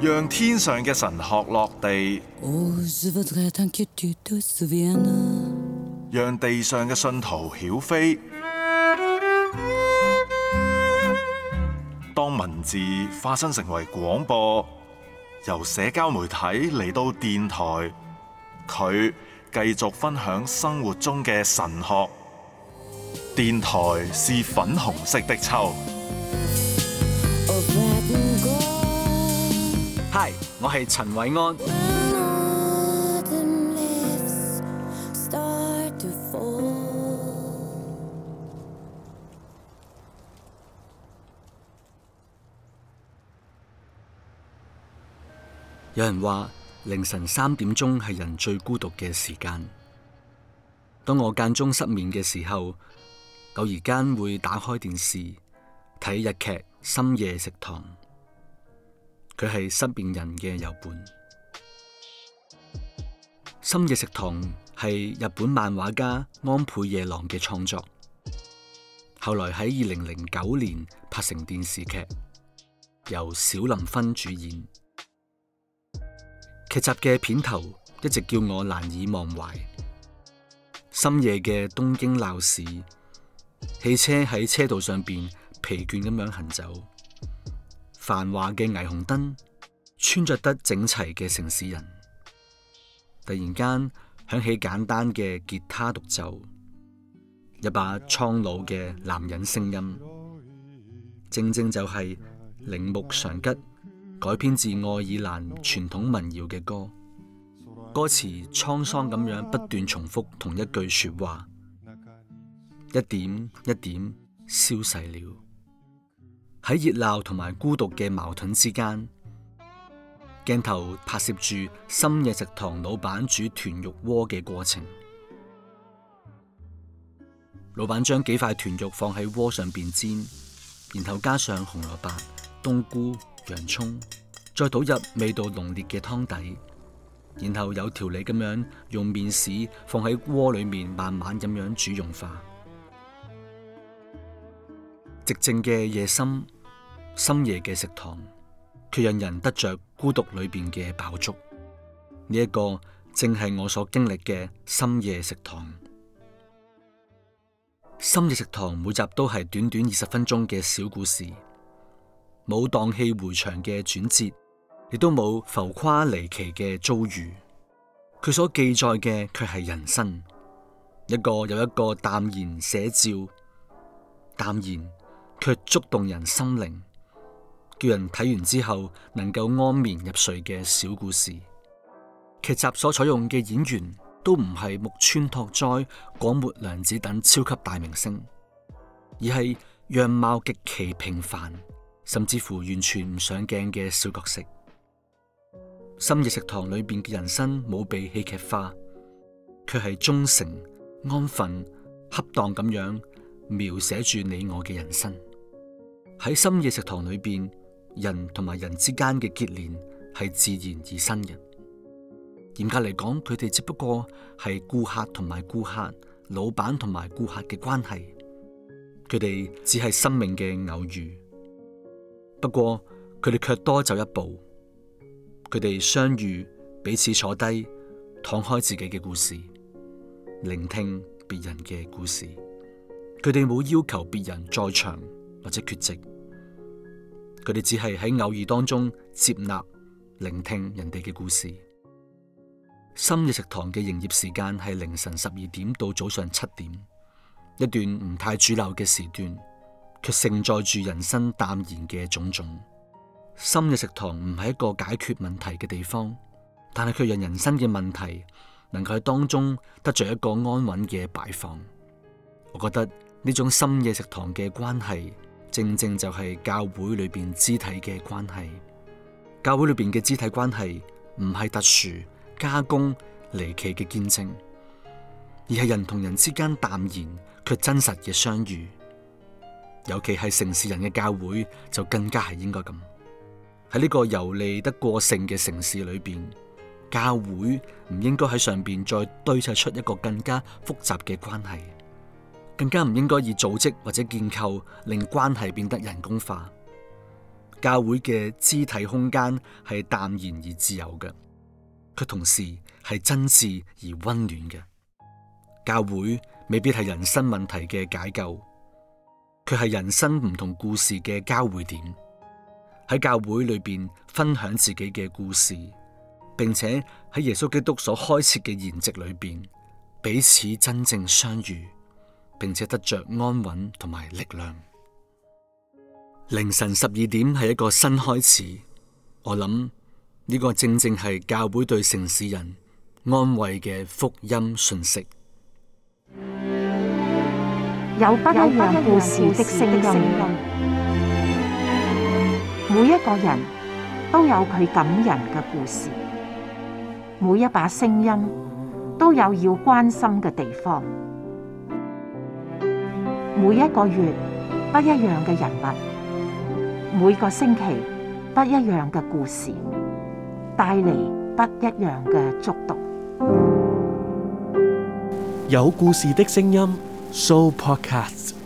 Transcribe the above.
讓天上嘅神學落地，讓地上嘅信徒曉飛。當文字化身成為廣播，由社交媒體嚟到電台，佢繼續分享生活中嘅神學。電台是粉紅色的秋。我係陳偉安。有人話凌晨三點鐘係人最孤獨嘅時間。當我間中失眠嘅時候，偶然間會打開電視睇日劇《深夜食堂》。佢係失明人嘅友伴。深夜食堂係日本漫畫家安倍夜郎嘅創作，後來喺二零零九年拍成電視劇，由小林薰主演。劇集嘅片頭一直叫我難以忘懷。深夜嘅東京鬧市，汽車喺車道上邊疲倦咁樣行走。繁華嘅霓虹燈，穿着得整齊嘅城市人，突然間響起簡單嘅吉他獨奏，一把蒼老嘅男人聲音，正正就係鈴木常吉改編自愛爾蘭傳統民謠嘅歌，歌詞滄桑咁樣不斷重複同一句說話，一點一點消逝了。喺熱鬧同埋孤獨嘅矛盾之間，鏡頭拍攝住深夜食堂老闆煮豚肉鍋嘅過程。老闆將幾塊豚肉放喺鍋上邊煎，然後加上紅蘿卜、冬菇、洋葱，再倒入味道濃烈嘅湯底，然後有條理咁樣用麵豉放喺鍋裏面慢慢咁樣煮融化。寂靜嘅夜深。深夜嘅食堂，卻讓人得着孤獨裏邊嘅飽足。呢、這、一個正係我所經歷嘅深夜食堂。深夜食堂每集都係短短二十分鐘嘅小故事，冇蕩氣迴腸嘅轉折，亦都冇浮誇離奇嘅遭遇。佢所記載嘅卻係人生，一個又一個淡然寫照，淡然卻觸動人心靈，叫人睇完之後能夠安眠入睡嘅小故事，劇集所採用嘅演員都唔係木村拓哉、廣末涼子等超級大明星，而係樣貌極其平凡，甚至乎完全唔上鏡嘅小角色。深夜食堂裏邊嘅人生冇被戲劇化，卻係忠誠、安分、恰當咁樣描寫住你我嘅人生。喺深夜食堂裏邊。人同埋人之間嘅結連係自然而生嘅。嚴格嚟講，佢哋只不過係顧客同埋顧客、老闆同埋顧客嘅關係。佢哋只係生命嘅偶遇。不過佢哋卻多走一步。佢哋相遇，彼此坐低，敞開自己嘅故事，聆聽別人嘅故事。佢哋冇要求別人在場或者缺席。佢哋只係喺偶爾當中接納、聆聽人哋嘅故事。深夜食堂嘅營業時間係凌晨十二點到早上七點，一段唔太主流嘅時段，卻承載住人生淡然嘅種種。深夜食堂唔係一個解決問題嘅地方，但係卻讓人生嘅問題能夠喺當中得着一個安穩嘅擺放。我覺得呢種深夜食堂嘅關係。正正就係教會裏邊肢體嘅關係，教會裏邊嘅肢體關係唔係特殊加工離奇嘅見證，而係人同人之間淡然卻真實嘅相遇。尤其係城市人嘅教會就更加係應該咁。喺呢個遊離得過剩嘅城市裏邊，教會唔應該喺上邊再堆砌出一個更加複雜嘅關係。更加唔應該以組織或者建構令關係變得人工化。教會嘅肢體空間係淡然而自由嘅，佢同時係真摯而溫暖嘅。教會未必係人生問題嘅解救，佢係人生唔同故事嘅交匯點。喺教會裏邊分享自己嘅故事，並且喺耶穌基督所開設嘅筵席裏邊彼此真正相遇。並且得着安穩同埋力量。凌晨十二點係一個新開始，我諗呢個正正係教會對城市人安慰嘅福音訊息。有不一樣故事的聲音，每一個人都有佢感人嘅故事，每一把聲音都有要關心嘅地方。每一個月不一樣嘅人物，每個星期不一樣嘅故事，帶嚟不一樣嘅觸動。有故事的聲音，Show Podcast。